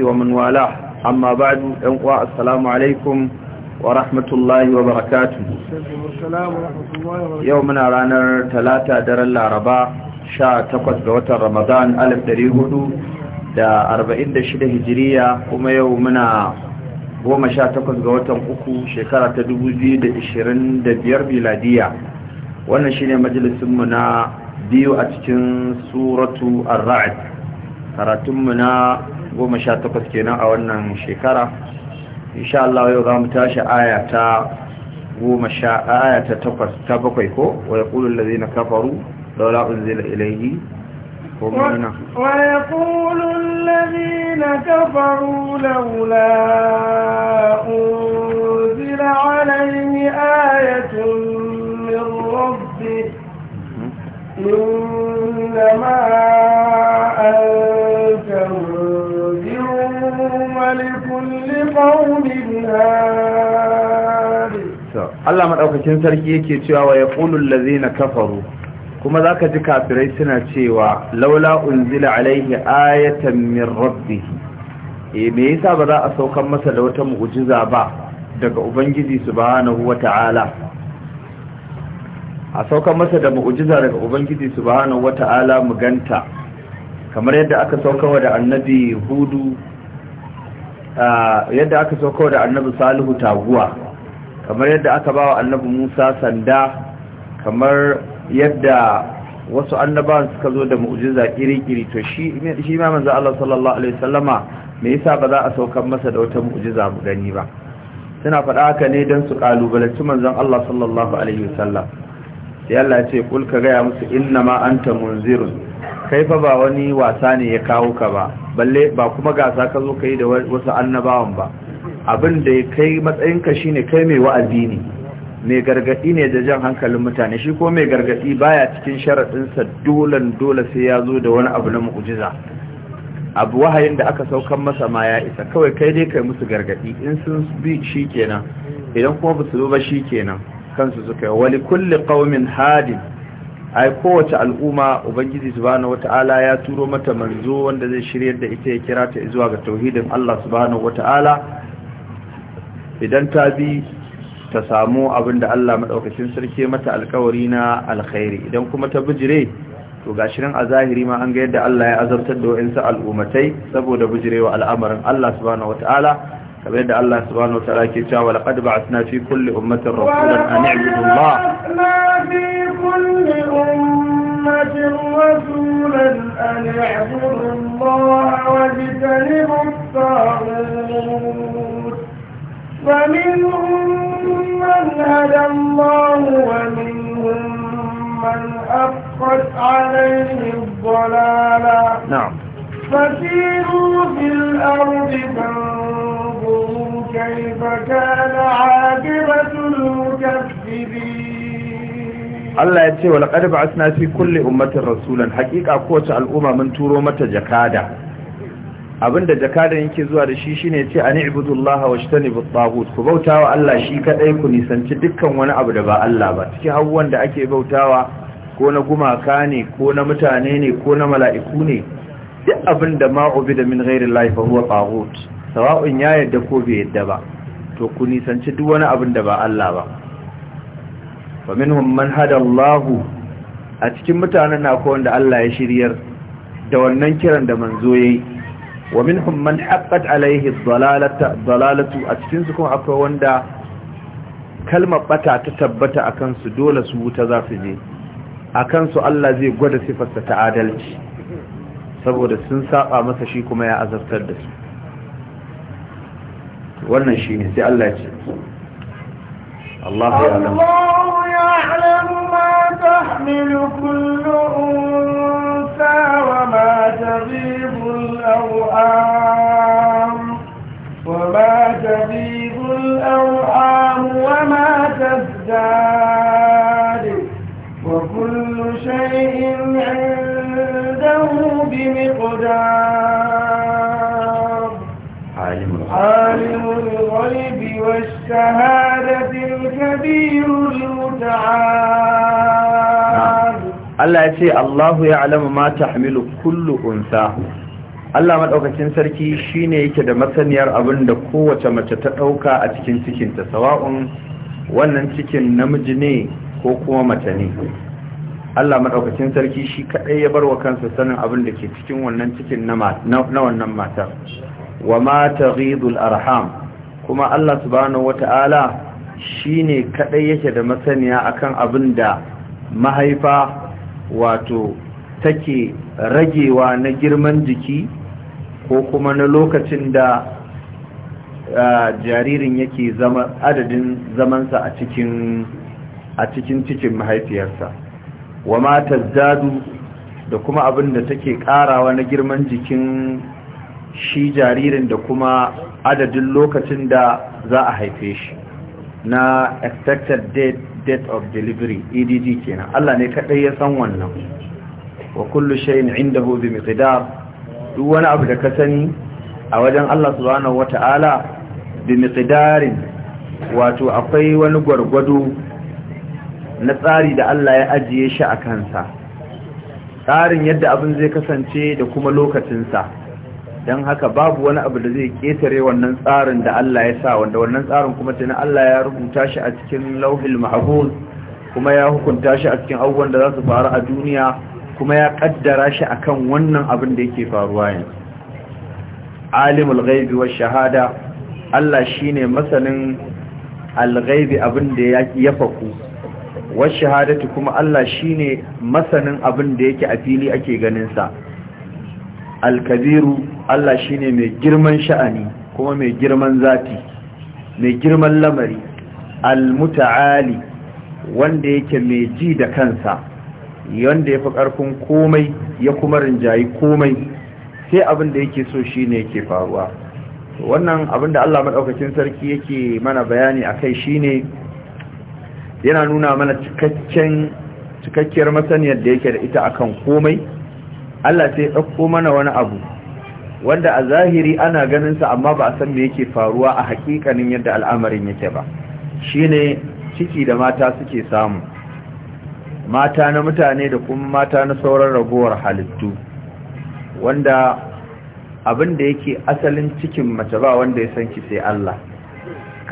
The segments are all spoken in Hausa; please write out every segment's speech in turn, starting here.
ومن والاه أما بعد أنقوى السلام عليكم ورحمة الله وبركاته يومنا رانا ثلاثة در العرباء شاء تقوت بوت رمضان ألف دريهدو دا أربعين دشدة هجرية وما يومنا goma sha takwas ga watan uku shekara ta dubu biyu da ishirin da biyar biladiya wannan shine majalisunmu na biyu a cikin suratu ar karatunmu na goma sha takwas kenan a wannan shekara insha Allah yau za mu tashi aya ta goma sha aya ta takwas ta bakwai ko wa yaqulu allazina kafaru laula unzila ilayhi ومعنا ويقول الذين كفروا لولا أنزل عليه آية min ربه إنما أنزل ولكل قوم هاد Allah madaukakin sarki yake cewa wa yaqulul allazina kafaru kuma zaka ji kafirai suna cewa laula unzila alaihi ayatan min rabbih eh me yasa ba za a saukan masa da wata mu'jiza ba daga ubangiji subhanahu wata'ala a saukan masa da mu'jiza daga ubangiji subhanahu wata'ala mu ganta kamar yadda aka saukawa da annabi hudu yadda aka sauko da annabi salihu taguwa kamar yadda aka ba wa annabi musa sanda kamar yadda wasu annabawan suka zo da mu'jiza kiri-kiri to shi ma manzo Allah sallallahu alaihi wasallama me yasa ba za a saukar masa da wata mu'jiza mu gani ba suna faɗa haka ne don su kalubalanci manzon Allah sallallahu alaihi wasallam sai Allah ya ce kul ka gaya musu inna ma anta munzirun kai fa ba wani wasa ne ya kawo ka ba balle ba kuma gasa ka zo ka yi da wasu annabawan ba abin da ya kai matsayinka shine kai mai wa'azi ne mai gargaɗi ne da jan hankalin mutane shi ko mai gargadi baya cikin sharaɗinsa dolan dole sai ya zo da wani abu na mu'ujiza abu wahayin da aka saukan masa ma ya isa kawai kai dai kai musu gargaɗi in sun bi shi kenan idan kuma ba su zo ba shi kenan kansu suka yi wali kulli qaumin hadin ai kowace al'umma ubangiji subhanahu wata'ala ya turo mata manzo wanda zai shiryar da ita ya kira ta zuwa ga tauhidin Allah subhanahu wata'ala idan ta bi ta samu abin da Allah madaukakin sarki mata alkawari na alkhairi idan kuma ta bijire to gashi nan a zahiri ma an ga yadda Allah ya azabtar da wa'insu al'ummatai saboda bijirewa al'amarin Allah subhanahu wata'ala كما الله سبحانه وتعالى كيف جاء ولقد بعثنا في كل أمة رسولا أن اعبد الله في كل أمة رسولا أن اعبد الله واجتنب الطاغوت ومنهم من هدى الله ومنهم من أبقت عليه الضلالة نعم فسيروا في الأرض فانظروا كيف كان عاقبة المكذبين الله يتي ولقد بعثنا في كل أمة رسولا حقيقة قوة الأمة من تورو متى jakada. abinda jakadan yake zuwa da shi shine yace ani ibudullaha wajtanibu at-taghut ku bautawa Allah shi kadai ku nisanci dukkan wani abu da ba Allah ba cikin abubuwan da ake bautawa ko na gumaka ne ko na mutane ne ko na mala'iku ne duk abin da ma'ubi da min gairin laifa huwa tsaghut sawa'un ya yadda ko bai yadda ba to ku nisanci duk wani abin da ba Allah ba fa minhum man hada Allah a cikin mutanen na ko Allah ya shiryar da wannan kiran da manzo yayi wa minhum man haqqat alaihi zalalatu dhalalatu a cikin su kuma akwai wanda kalmar bata ta tabbata a kansu, dole su wuta za su je akan su Allah zai gwada sifarsa ta adalci saboda sun saba masa shi kuma ya azabtar da su wannan shi ne sai Allah ce Allah ya alamu ma tahmilu kullu unsa wa ma tabibu al-awam wa ma tabibu al-awam wa ma tazdad wa kullu shay'in له بمقدار عالم الغيب والشهادة الكبير المتعال Allah ya Allahu ya alama ma tahmilu kullu Allah maɗaukacin sarki shine yake da masaniyar abin da kowace mace ta ɗauka a cikin cikinta sawa'un wannan cikin namiji ne ko kuma mace ne Allah maɗaukacin sarki shi kaɗai ya bar wa kansa sanin abin da ke cikin wannan cikin na wannan matar wa ma taghidul arham kuma Allah subhanahu wata'ala ne kaɗai yake da masaniya akan abin da mahaifa wato take ragewa na girman jiki ko kuma na lokacin da jaririn yake zama adadin zamansa a cikin cikin mahaifiyarsa wa ma tazdadu da kuma abin da take karawa na girman jikin shi jaririn da kuma adadin lokacin da za a haife shi na expected date date of delivery EDD kenan Allah ne kadai ya san wannan wa kullu shay'in indahu bi miqdar duk wani abu da ka sani a wajen Allah subhanahu wata'ala bi miqdarin wato akwai wani gwargwado na tsari da Allah ya ajiye shi a kansa tsarin yadda abin zai kasance da kuma lokacinsa don haka babu wani abu da zai ƙetare wannan tsarin da Allah ya sa wanda wannan tsarin kuma tana Allah ya rubuta shi a cikin lauhil mahfuz kuma ya hukunta shi a cikin abubuwan da za su faru a duniya kuma ya kaddara shi a kan wannan abin da yake faruwa yanzu alimul ghaibi wa shahada Allah shine masanin al abin da ya faku wasu shahadatu kuma Allah shi ne masanin abin da yake a fili ake ganinsa alkabiru Allah shi ne mai girman sha'ani kuma mai girman zati mai girman lamari almuta'ali wanda yake mai ji da kansa yanda ya fi ƙarfin komai ya kuma rinjayi komai sai abin da yake so shi ne yake faruwa wannan abin da Allah maɗaukacin sarki yake mana bayani a kai shi ne. yana nuna mana cikakken cikakkiyar masaniyar da yake da ita akan komai Allah sai ɗauko mana wani abu wanda a zahiri ana ganin sa amma ba a san me yake faruwa a hakikanin yadda al'amarin yake ba shine ciki da mata suke samu mata na mutane da kuma mata na sauran ragowar halittu wanda abin da yake asalin cikin mace ba wanda ya san ki sai Allah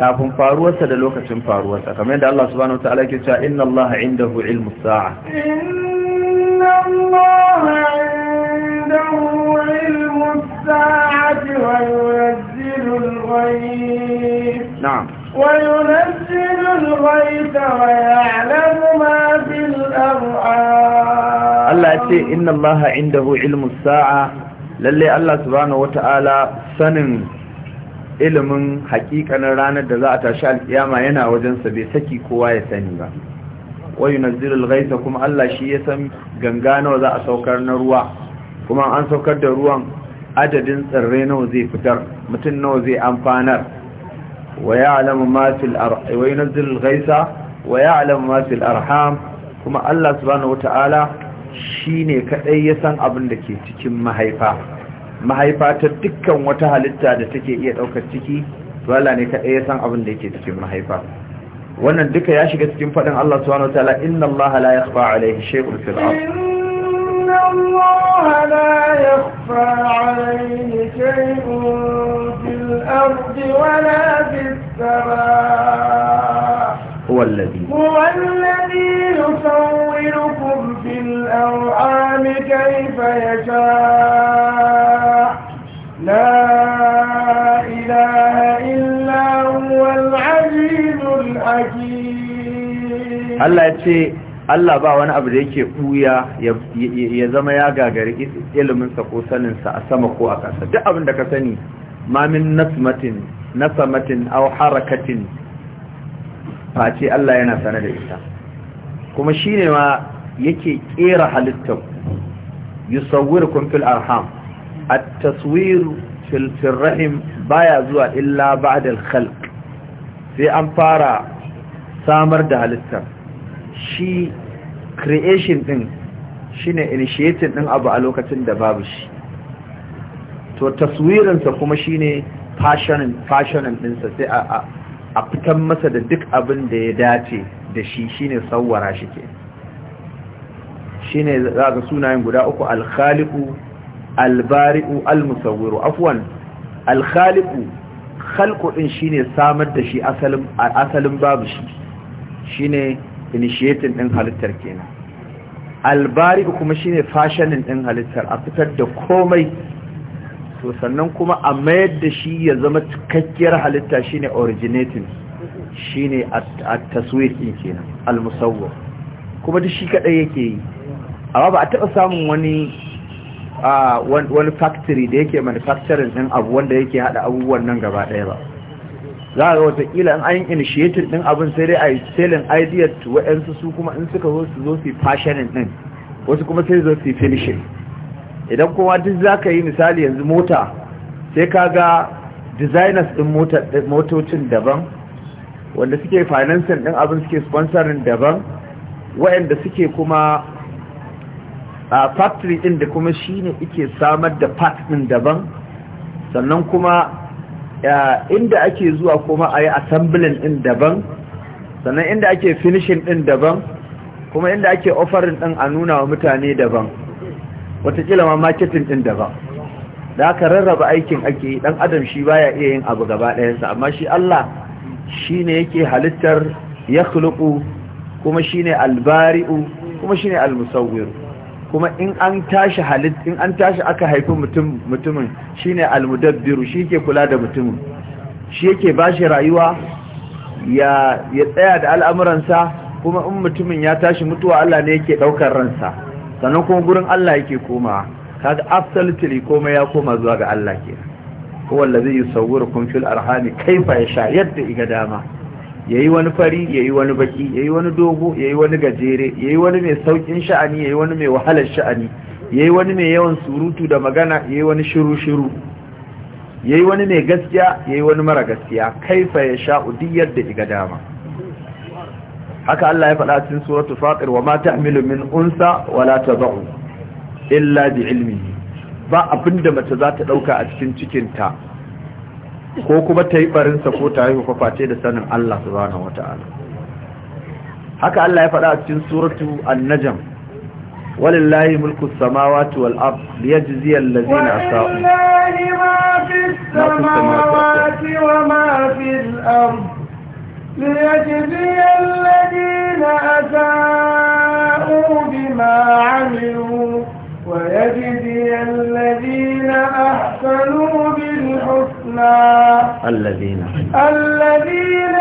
kafin faruwarsa da lokacin faruwarsa kamar yadda Allah subhanahu wa ta'ala ke cewa inna Allah indahu ilmu sa'a inna Allah indahu ilmu sa'ati wa yunzilu al-ghayb na'am wa yunzilu al-ghayb wa ya'lamu ma fil arham Allah ya ce inna Allah indahu ilmu sa'a lalle Allah subhanahu wa ta'ala sanin ilimin hakikanin ranar da za a tashi alkiyama yana wajensa bai saki kowa ya sani ba wayu nazilul ghaisa kuma Allah shi ya san ganga nawa za a saukar na ruwa kuma an saukar da ruwan adadin tsirrai nawa zai fitar mutum nawa zai amfanar wa ya'lamu ma fil arham wa yunzilul wa ya'lamu ma fil arham kuma Allah subhanahu wataala shine kadai ya san abin da ke cikin mahaifa mahaifa ta dukkan wata halitta da take iya daukar ciki to Allah ne kadai ya san abin da yake cikin mahaifa wannan duka ya shiga cikin fadin Allah subhanahu wataala inna Allah la yakhfa alayhi shay'un fil ard inna Allah la yakhfa alayhi shay'un fil ard wala fis samaa هو الذي هو الذي يصوركم في الأرحام كيف يشاء لا إله إلا هو العزيز الحكيم الله يتشي Allah ba wani abu da yake buya ya zama ya gagari iliminsa ko saninsa a sama ko a ƙasa duk abin da ka sani mamin nasmatin nasamatin aw harakatin ce Allah yana sane da ita kuma shine ma yake kera halittar yusawwirukum fil arham A taswiru في baya zuwa illa إلا بعد sai an fara samar da halittar. Shi creation ɗin shine initiating ɗin abu a lokacin da babu shi to taswirinsa kuma shine fashionin fashionin dinsa sai a a fitan masa da duk abin da ya dace da shi shine sauwara shi ke shine za ga sunayen guda uku al-khaliqu albari'u almusawwiru afwan alkhaliqu khalqu din shine samar da shi asalin asalin babu shi shine initiating din halittar kenan albari'u kuma shine fashioning din halittar a fitar da komai to sannan kuma a mayar da shi ya zama cikakkiyar halitta shine originating shine at-taswir din kenan al kuma duk shi kadai yake yi amma ba a taba samun wani wani factory da yake manufacturing din abu wanda yake haɗa abubuwan nan gaba ɗaya ba za a ga watakila in an initiative din abin sai dai a yi selling idea to su kuma in suka zo su zo su fashion din wasu kuma sai zo su finishing idan kuma duk za ka yi misali yanzu mota sai ka ga designers ɗin motocin daban wanda suke financing din abin suke sponsoring daban wa'yanda suke kuma a factory din da kuma shine ike samar da part din daban sannan kuma inda ake zuwa kuma a yi assembling din daban sannan inda ake finishing din daban kuma inda ake offering din a nuna wa mutane daban watakila ma marketing din daban da aka rarraba aikin ake dan adam shi baya iya yin abu gaba ɗayansa amma shi Allah shine yake halittar ya kuma shine albari'u kuma shine almusawwir kuma in an tashi halit in an tashi aka haifi mutum mutumin shine almudabbiru ke kula da mutumin shi yake bashi rayuwa ya ya tsaya da al'amuransa kuma in mutumin ya tashi mutuwa Allah ne yake daukar ransa sannan kuma gurin Allah yake koma kaga absolutely komai ya koma zuwa ga Allah kenan huwa allazi yusawwirukum fil arhami kaifa yasha yadda iga dama yayi wani fari yayi wani baki yayi wani dogo yayi wani gajere yayi wani mai saukin sha'ani yayi wani mai wahalar sha'ani yayi wani mai yawan surutu da magana yayi wani shiru shiru yayi wani mai gaskiya yayi wani mara gaskiya kaifa ya sha'u duk yadda iga dama haka Allah ya faɗa cikin suratul faqir wa ma ta'milu min unsa wala tad'u illa bi ilmihi ba abinda mace za ta dauka a cikin cikinta ko kuma ta yi barinsa ko ta yi kwafafe da sanin Allah subhanahu wata'ala haka Allah ya faɗa a cikin suratu an-najm walillahi mulku samawati wal ard liyajziya allazina asau walillahi ma fis samawati wa ma fil ma liyajziya allazina asau bima amilu a الذين أحسنوا الحسنى الذين الذين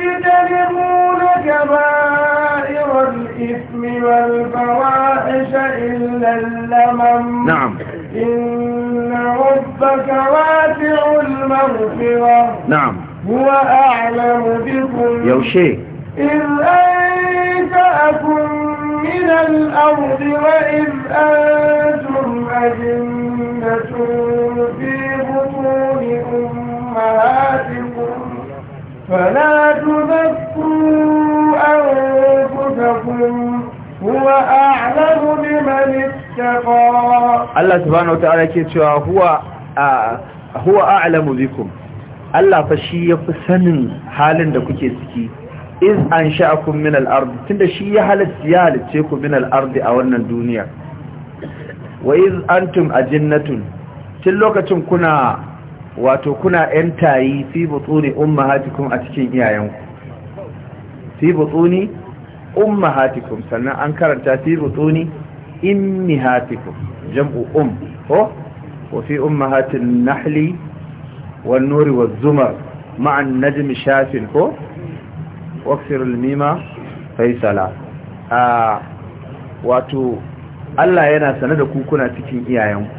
يجتنبون كبائر الإثم والفواحش إلا اللمم نعم إن ربك واسع المغفرة نعم هو أعلم بكم يوشي إذ أنشأكم من الأرض وإذ أنتم أجنة في بطون أمهاتكم فلا تذكروا أنفسكم هو أعلم بمن اتقى الله سبحانه وتعالى كتوى هو آه هو أعلم بكم Allah fa shi ya fi sanin halin da kuke ciki iz an sha'akum min al tun da shi ya halitta ya halice ku min al a wannan duniya wa iz antum ajinnatun tun lokacin kuna wato kuna yan tayi fi butuni ummahatikum a cikin iyayenku fi butuni ummahatikum sannan an karanta fi butuni ummihatikum jam'u um ko wa fi hatin nahli wan nuri waz zumar ma'an najmi shafin ko waksirul mima faisala a wato Allah yana sane da kukuna cikin iyayenku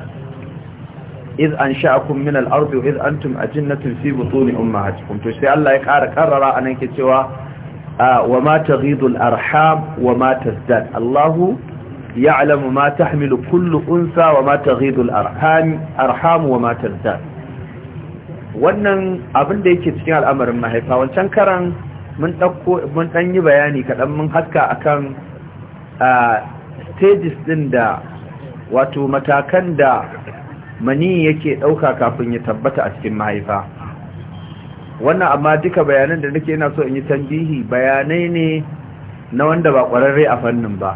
iz an sha'akum min al-ardi iz antum ajinnatun fi butuni ummahatikum to sai Allah ya kara karrara anan ke cewa wa ma taghidu al-arham wa ma tazdad Allahu ya'lamu ma tahmilu kullu unsa wa ma taghidu al-arham arham wa ma tazdad wannan abin da yake cikin al'amarin mahaifa wancan karan mun ɗauko mun ɗan yi bayani kaɗan mun haska akan stages ɗin da wato matakan da mani yake ɗauka kafin ya tabbata a cikin mahaifa wannan amma duka bayanan da nake yana so in yi tambihi bayanai ne na wanda ba ƙwararre a fannin ba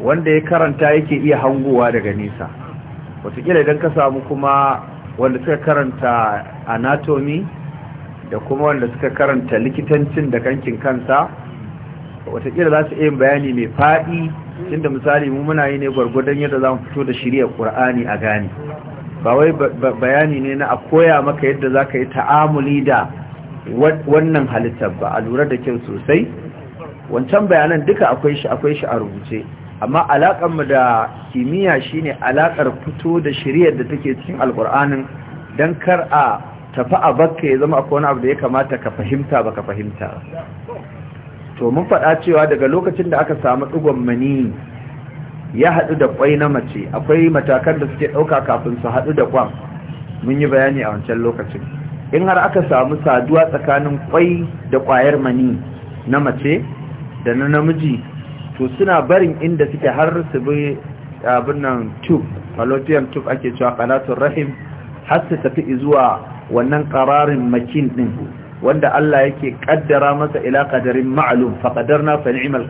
wanda ya karanta yake iya hangowa daga nesa wataƙila idan ka samu kuma wanda suka karanta anatomy da kuma wanda suka karanta likitancin da kankin kansa watakila za su iya bayani mai faɗi inda misali mu muna yi ne gwargwadon yadda za mu fito da shirya ƙur'ani a gani ba wai bayani ne na a koya maka yadda za ka yi ta'amuli da wannan halittar ba a lura da kyau sosai wancan bayanan duka akwai shi akwai shi a rubuce amma mu da kimiyya shine alaƙar fito da shiriyar da take cikin alƙur'anin don kar a tafi a bakka ya zama akwai wani abu da ya kamata ka fahimta ba ka fahimta to mun faɗa cewa daga lokacin da aka samu ɗigon mani ya haɗu da ƙwai na mace akwai matakan da suke ɗauka kafin su haɗu da ƙwan mun yi bayani a wancan lokacin in har aka samu saduwa tsakanin ƙwai da ƙwayar mani na mace da na namiji to suna barin inda suke har su bi abin nan tube fallopian tube ake cewa kanatun rahim har su tafi zuwa wannan qararin makin din wanda Allah yake ƙaddara masa ila qadarin ma'lum fa qadarna fa ni'mal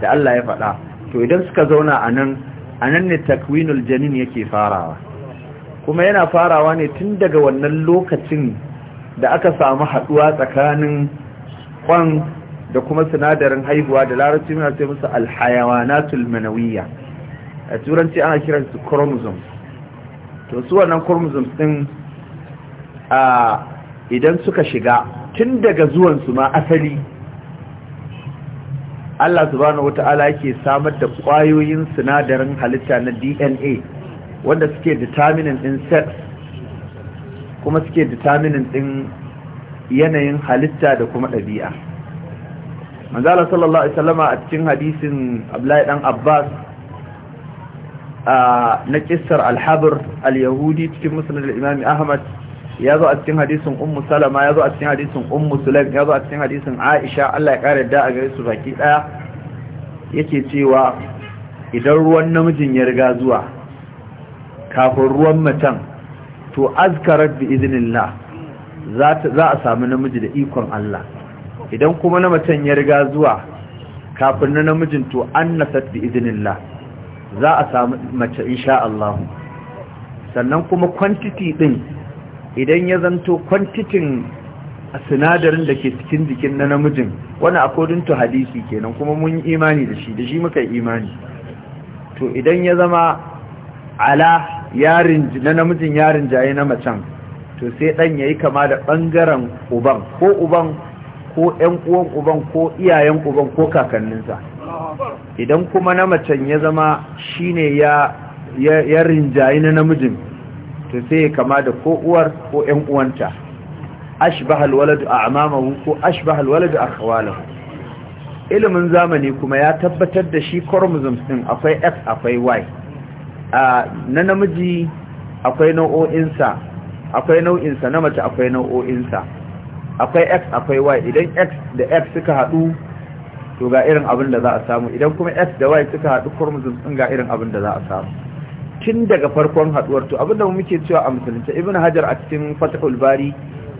da Allah ya faɗa to idan suka zauna anan anan ne takwinul janin yake farawa kuma yana farawa ne tun daga wannan lokacin da aka samu haɗuwa tsakanin kwan da kuma sinadarin haihuwa da larabci muna ce musu alhayawanatul manawiyya a turanci ana kiransu chromosomes to su wannan chromosomes din idan suka shiga tun daga zuwansu ma asali Allah subhanahu wata'ala yake samar da kwayoyin sinadarin halitta na DNA wanda suke determinant din sex kuma suke determinant din yanayin halitta da kuma ɗabi'a manzala sallallahu alaihi wasallama a cikin hadisin Abdullahi dan Abbas na kissar al-Habr al-Yahudi cikin musnad al-Imam Ahmad ya zo a cikin hadisin ummu salama ya zo a cikin hadisin ummu sulaim ya zo a cikin hadisin aisha Allah ya kare da a gare su baki daya yake cewa idan ruwan namijin ya riga zuwa kafin ruwan macen to azkarat bi idnillah za a samu namiji da ikon Allah idan kuma na macen ya riga zuwa kafin na namijin to annasat bi idnillah za a samu mace insha Allah sannan kuma quantity din idan ya zanto kwantitin sinadarin da ke cikin jikin na namijin wani akodin to hadisi kenan kuma mun imani da shi da shi muka imani to idan ya zama ala yarin na namijin yarin jaye na macen to sai dan yayi kama da bangaren uban ko uban ko ƴan uwan uban ko iyayen uban ko kakanninsa idan kuma na macen ya zama shine ya ya rinjaye na namijin to sai kama da ko uwar ko ƴan uwanta ashbahal waladu a'mamahu ko ashbahal waladu akhwalahu ilimin zamani kuma ya tabbatar da shi chromosomes din akwai x akwai y a na namiji akwai sa akwai nau'insa na mace akwai sa akwai x akwai y idan x da x suka haɗu to ga irin abin da za a samu idan kuma x da y suka haɗu chromosomes din ga irin abin da za a samu tun daga farkon haduwar to abinda muke cewa a musulunci ibn hajar a cikin fatahul bari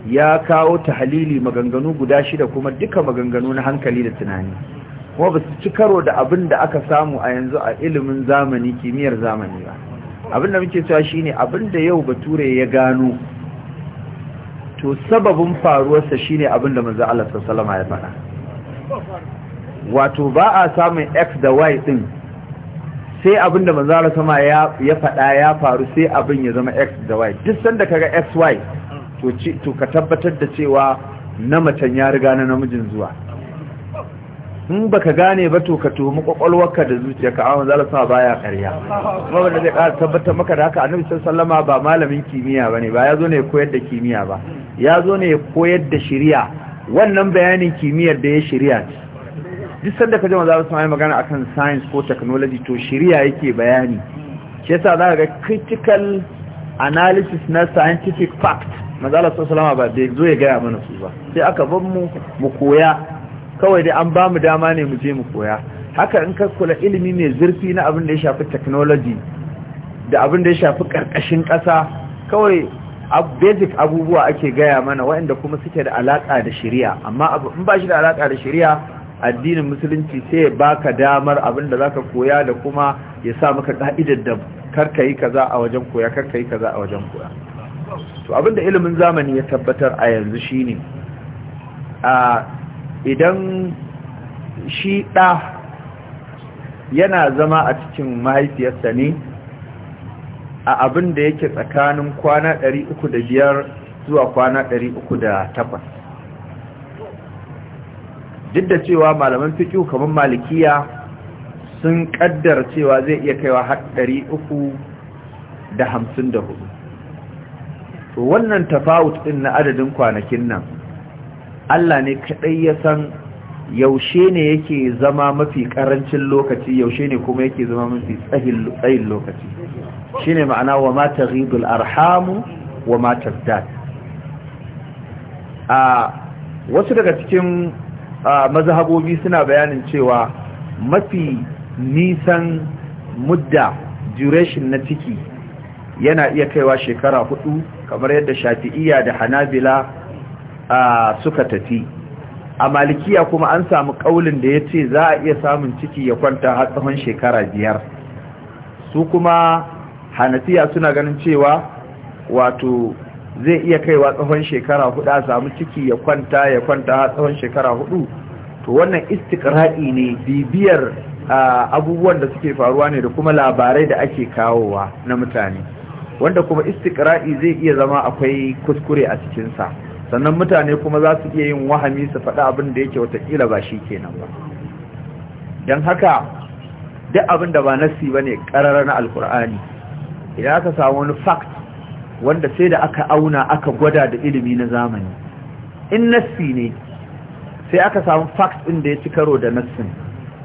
ya kawo tahalili maganganu guda shida kuma duka maganganu na hankali da tunani kuma ba su ci karo da abin da aka samu a yanzu a ilimin zamani kimiyyar zamani ba abin da muke cewa shine abin da yau bature ya gano to sababin faruwarsa shine abin da manzo Allah sallallahu alaihi wasallam ya faɗa wato ba a samun x da y din sai abin da manzara sama ya faɗa ya faru sai abin ya zama x da y duk sanda kaga xy to ka tabbatar da cewa na macen ya riga na namijin zuwa in baka gane ba to ka tuhumi kwakwalwarka da zuciya. Ka a manzara sama baya karya. kuma wanda zai ƙara tabbatar maka da haka annabi sallama ba malamin kimiyya bane ba ya zo ne koyar da kimiyya ba ya zo ne ya koyar da shari'a wannan bayanin kimiyyar da ya shari'a ce duk sanda ka ji manzo a yi magana akan science ko technology to shirya yake bayani shi yasa za ka ga critical analysis na scientific fact mazala Allah salama ba da zo ya gaya mana su ba sai aka bar mu mu koya kawai dai an ba mu dama ne mu je mu koya haka in ka kula ilimi mai zurfi na abin da ya shafi technology da abin da ya shafi karkashin kasa kawai basic abubuwa ake gaya mana waɗanda kuma suke da alaƙa da shari'a amma in ba shi da alaka da shari'a addinin musulunci sai ya baka damar abin da zaka koya da kuma ya sa maka ka'idar da karka yi kaza a wajen koya karka yi kaza a wajen koya to abin da ilimin zamani ya tabbatar a yanzu shine a idan shi ɗa yana zama a cikin mahaifiyarsa ne a abin da yake tsakanin kwana 305 zuwa kwana 308 duk da cewa malaman fiqh kamar malikiya sun kaddar cewa zai iya kaiwa har hudu to wannan tafawut ɗin na adadin kwanakin nan Allah ne kaɗai ya san yaushe ne yake zama mafi karancin lokaci yaushe ne kuma yake zama mafi tsayin lokaci Shi ne ma'ana wa mata taghidul arhamu wa mata dat. a wasu daga cikin Mazahabobi suna bayanin cewa mafi nisan mudda duration na ciki yana iya kaiwa shekara hudu kamar yadda shafi'iya da hanabila suka tafi a malikiya kuma an samu kaulin da ya ce za a iya samun ciki ya kwanta har tsawon shekara biyar su kuma hanafiya suna ganin cewa wato zai iya kaiwa tsawon shekara hudu a samu ciki ya kwanta ya kwanta a tsawon shekara hudu to wannan istikra'i ne bibiyar abubuwan da suke faruwa ne da kuma labarai da ake kawowa na mutane wanda kuma istikra'i zai iya zama akwai kuskure a cikinsa sannan mutane kuma za su iya yin wahami su faɗi abin da yake watakila ba shi kenan ba don haka duk abin da ba nasi ba ne ƙararra na alkur'ani idan aka samu wani fact wanda sai da aka auna aka gwada da ilimi na zamani in nassi ne sai aka samu fact ɗin da ya ci karo da nassin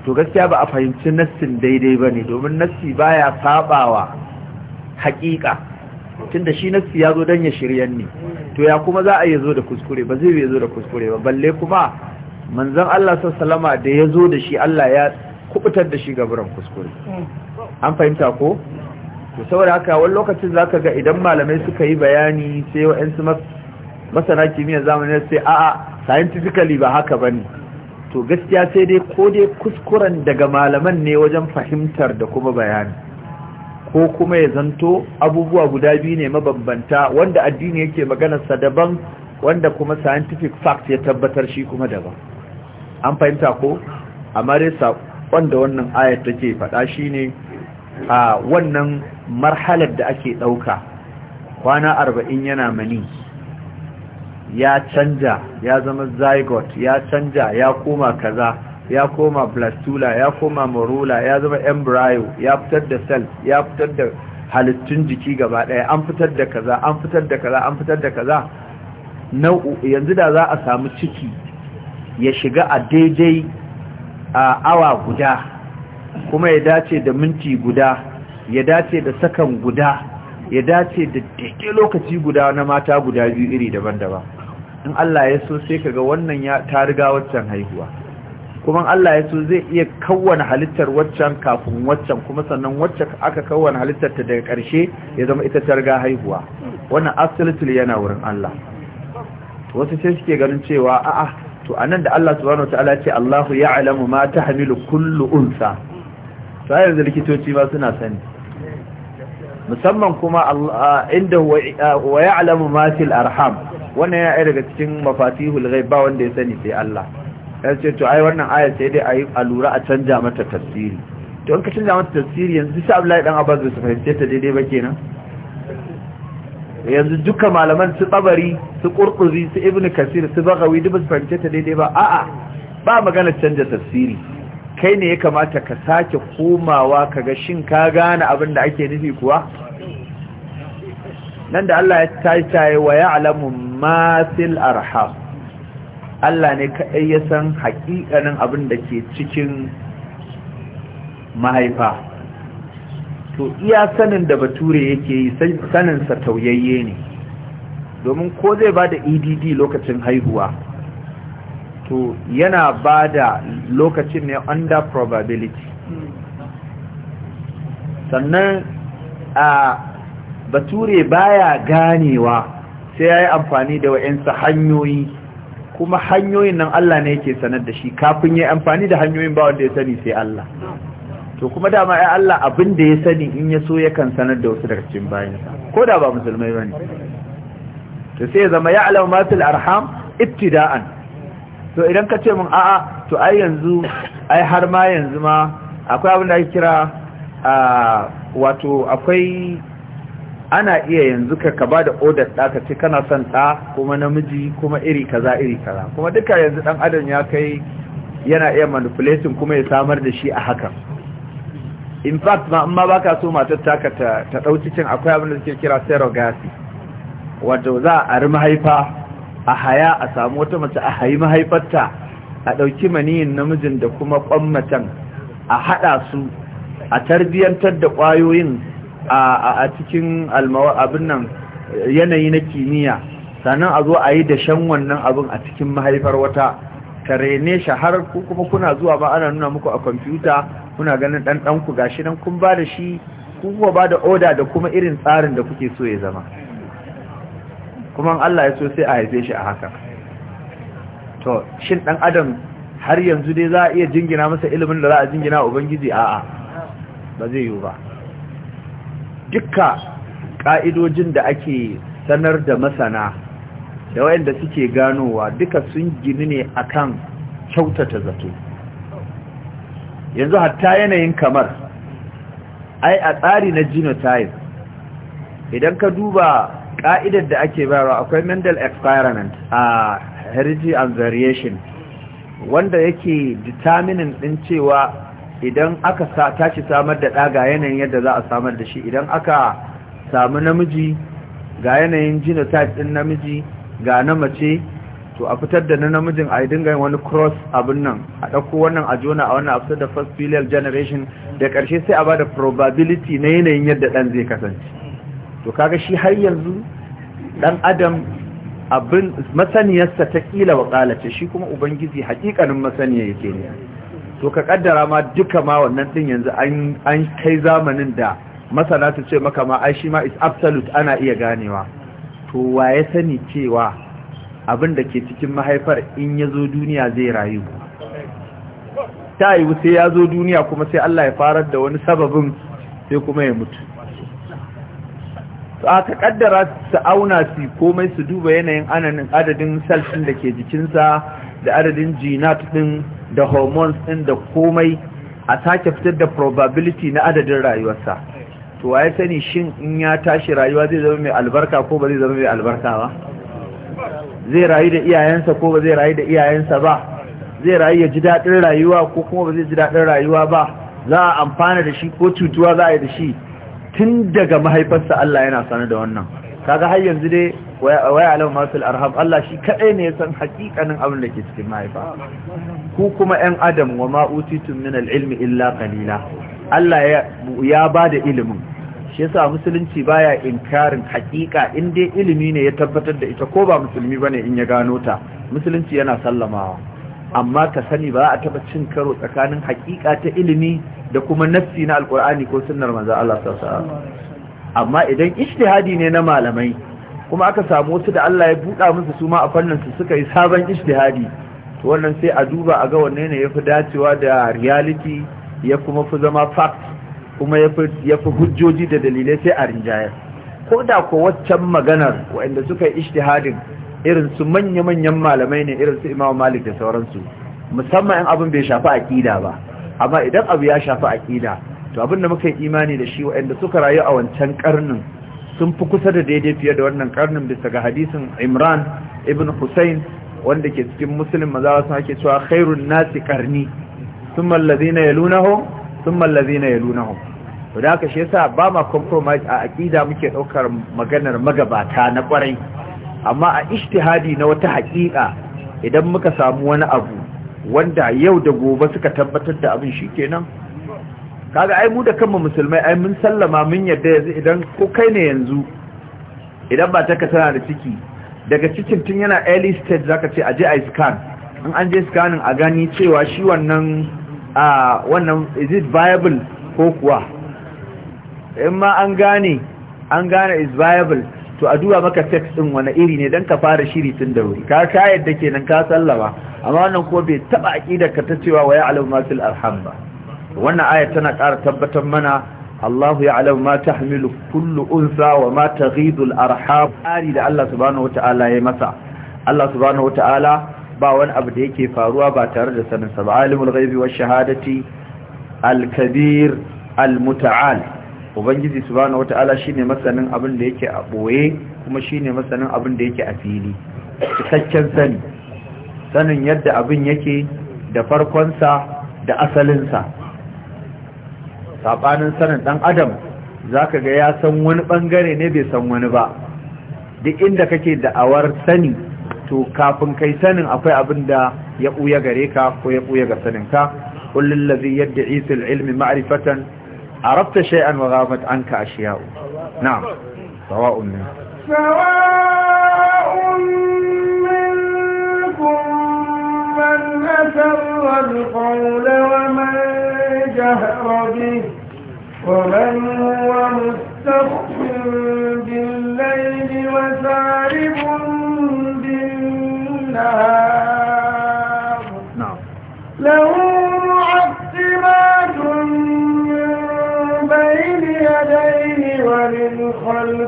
to gaskiya ba a fahimci nassin daidai ba ne domin nassi baya sabawa haƙiƙa tunda shi nassi ya zo don ya shiryan ne to ya kuma za a yi zo da kuskure ba zai zo da kuskure ba balle kuma manzon Allah sallama da ya zo da shi Allah ya kubutar da shi gaburan kuskure an fahimta ko to saboda haka wani lokacin zaka ga idan malamai suka yi bayani sai wa'ansu masana kimiyyar zamani sai a'a scientifically ba haka bane to gaskiya sai dai ko dai kuskuren daga malaman ne wajen fahimtar da kuma bayani ko kuma ya zanto abubuwa guda biyu ne mabambanta wanda addini yake sa daban wanda kuma scientific fact ya tabbatar shi kuma daban an fahimta ko amma dai sa wanda wannan ayat take faɗa shine a wannan marhalar da ake ɗauka kwana arba'in yana mani ya canja ya zama zygote ya canja ya koma kaza ya koma blastula ya koma morula ya zama embryo ya fitar da cell ya fitar da halittun jiki gaba ɗaya an fitar da kaza an fitar da kaza an fitar da kaza nau'u yanzu da za a samu ciki ya shiga a daidai a awa guda kuma ya dace da minti guda ya dace da sakan guda ya dace da dake lokaci guda na mata guda biyu iri daban-daban in Allah ya so sai kaga wannan ya ta riga waccan haihuwa kuma Allah ya so zai iya kawwana halittar waccan kafin waccan kuma sannan wacce aka kawwana halittar ta daga ƙarshe ya zama ita ta riga haihuwa wannan absolutely yana wurin Allah wasu sai suke ganin cewa a'a to anan da Allah subhanahu wataala ce Allahu ya'lamu ma tahmilu kullu unsa sai yanzu likitoci ba suna sani musamman kuma inda wa ya'lamu ma fil arham wannan ya daga cikin mafatihul ghaib ba wanda ya sani sai Allah sai ce to ai wannan aya sai dai ayi alura a canja mata tafsiri to in ka canja mata tafsiri yanzu sai Abdullahi dan Abbas su fahimce ta daidai ba kenan yanzu duka malaman su tabari su qurtubi su ibnu kasir su bagawi duk ba su fahimce ta daidai ba a'a ba magana canja tafsiri kai ne ya kamata ka sake komawa kaga shin ka gane abin da ake nufi kuwa nan da Allah ya taitaye wa ya'lamu ma fil arham Allah ne kaɗai ya san haƙiƙanin abin da ke cikin mahaifa to iya sanin da bature yake yi saninsa tauyayye ne domin ko zai ba da edd lokacin haihuwa to yana ba da lokacin ne under probability sannan a bature baya ganewa sai ya yi amfani da wa'insa hanyoyi kuma hanyoyin nan Allah ne yake sanar da shi kafin ya amfani da hanyoyin ba wanda ya sani sai Allah to kuma dama ya Allah abin da ya sani in ya so yakan sanar da wasu daga cikin bayansa ko da ba musulmai bane to sai ya zama ya alama fil arham ibtida'an to idan ka ce mun a'a to ai yanzu ai har ma yanzu ma akwai abin da ake kira a wato akwai ana iya yanzu ka ka bada odar ɗa ka ce kana son ɗa kuma namiji kuma iri kaza iri kaza kuma duka yanzu ɗan adam ya kai yana iya manipulation kuma ya samar da shi a hakan in fact ma amma baka so matar ta ta dauki cin akwai abin da suke kira surrogacy wato za a ri mahaifa a haya a samu wata mace a hayi mahaifarta a ɗauki maniyin namijin da kuma ƙwammatan a haɗa su a tarbiyyantar da ƙwayoyin a cikin abin nan yanayi na kimiyya sannan a zo a yi dashen wannan abin a cikin mahaifar wata ta rene shi har kuma kuna zuwa ba ana nuna muku a kwamfuta kuna ganin ɗanɗanku gashi nan kun ba da shi kuma ba da oda da kuma irin tsarin da kuke so ya zama kuma Allah ya so sai a haife shi a haka to shin dan adam har yanzu dai za a iya jingina masa ilimin da za a jingina ubangiji a'a ba zai yiwu ba dukka ka'idojin da ake sanar da masana da wayanda suke ganowa duka sun gini ne akan kyautata zato yanzu hatta yanayin kamar ai a tsari na genotype idan ka duba ka'idar da ake bayarwa akwai mendel experiment a heredity and variation wanda yake determining din cewa idan aka tashi samar da ɗa ga yanayin yadda za a samar da shi idan aka samu namiji ga yanayin genotype din namiji ga na mace to a fitar da na namijin a dinga wani cross abin nan a ɗauko wannan a jona a wannan a fitar da first filial generation da ƙarshe sai a ba da probability na yanayin yadda ɗan zai kasance to kaga shi har yanzu dan adam abin masaniyarsa ta kila wa kalace shi kuma ubangiji hakikanin masaniya yake ne to ka kaddara ma duka ma wannan din yanzu an kai zamanin da masana su ce maka ma ai shi ma is absolute ana iya ganewa to wa ya sani cewa abin da ke cikin mahaifar in ya zo duniya zai rayu ta yiwu sai ya zo duniya kuma sai Allah ya farar da wani sababin sai kuma ya mutu aka kaddara su auna su komai su duba yanayin ananin adadin salfin da ke jikinsa da adadin jinat din da hormones din da komai a sake fitar da probability na adadin rayuwarsa to waye sani shin in ya tashi rayuwa zai zama mai albarka ko ba zai zama mai albarka ba zai rayu da iyayensa ko ba zai rayu da iyayensa ba zai rayu ya ji daɗin rayuwa ko kuma ba zai ji daɗin rayuwa ba za a amfana da shi ko cutuwa za a yi da shi tun daga mahaifarsa Allah yana sanar da wannan kaga har yanzu dai waya alam masul arham Allah shi kadai ne ya san hakikanin abin da ke cikin mahaifa ku kuma 'yan adam wa ma utitum min al-ilmi illa qalila Allah ya ba da ilimin shi yasa musulunci baya inkarin hakika in dai ilimi ne ya tabbatar da ita ko ba musulmi ne in ya gano ta musulunci yana sallamawa amma ka sani ba a taba cin karo tsakanin hakika ta ilimi da kuma nafsi na alkur'ani ko sunnar manzo Allah sallallahu amma idan ijtihadi ne na malamai kuma aka samu wasu da Allah ya buɗa musu su ma a fannin su suka yi sabon ijtihadi to wannan sai a duba a ga wanne ne yafi dacewa da reality ya kuma fi zama fact kuma yafi hujjoji da dalilai sai a rinjayar ko da ko waccan maganar wanda suka yi ijtihadin irin su manya-manyan malamai ne irin su Imam Malik da sauransu musamman in abin bai shafi aqida ba amma idan abu ya shafi aƙida to abinda muka yi imani da shi waɗanda suka rayu a wancan karnin sun fi kusa da daidai fiye da wannan karnin bisa ga hadisin imran ibn hussein wanda ke cikin musulun maza wasu hake cewa khairun nasi karni sun mallazi na ya lunaho sun mallazi na ya lunaho to da haka shi yasa ba ma compromise a aƙida muke ɗaukar maganar magabata na ƙwarai amma a ishtihadi na wata haƙiƙa idan muka samu wani abu wanda yau da gobe suka tabbatar da abin shi kenan kaga ai mu da kanmu musulmai ai mun sallama mun yadda yanzu idan ko kai ne yanzu idan ba ta ka tana da ciki daga cikin tun yana early stage zaka ce aje ai scan in an je a gani cewa shi wannan a wannan is it viable ko kuwa in ma an gane an gane is viable to a duba maka sex din wani iri ne dan ka fara shiri tun da wuri ka ka yadda kenan ka sallama amma wannan ko bai taba aqidar ka ta cewa wa ya'lamu ma fil arham ba wannan aya tana ƙara tabbatar mana Allahu ya'lamu ma tahmilu kullu unsa wa ma taghidu al arham ari da Allah subhanahu wata'ala ya masa Allah subhanahu wata'ala ba wani abu da yake faruwa ba tare da sanin sa ba alimul ghaibi wash shahadati al kabir al muta'al ubangiji subhanahu wata'ala shine masanin abin da yake a boye kuma shine masanin abin da yake a fili cikakken sani sanin yadda abin yake da farkonsa da asalinsa saɓanin sanin ɗan adam za ka ga ya san wani ɓangare ne bai san wani ba duk inda kake da'awar sani to kafin kai sanin akwai abin da ya ɓuya gare ka ko ya ɓuya ga sanin ka kullum lazi yadda isil ilmi ma'arifatan عرفت شيئا وغابت عنك أشياء نعم سواء منكم سواء منكم من أسر القول ومن جهر به ومن هو مستخف بالليل وسارب بالنهار نعم له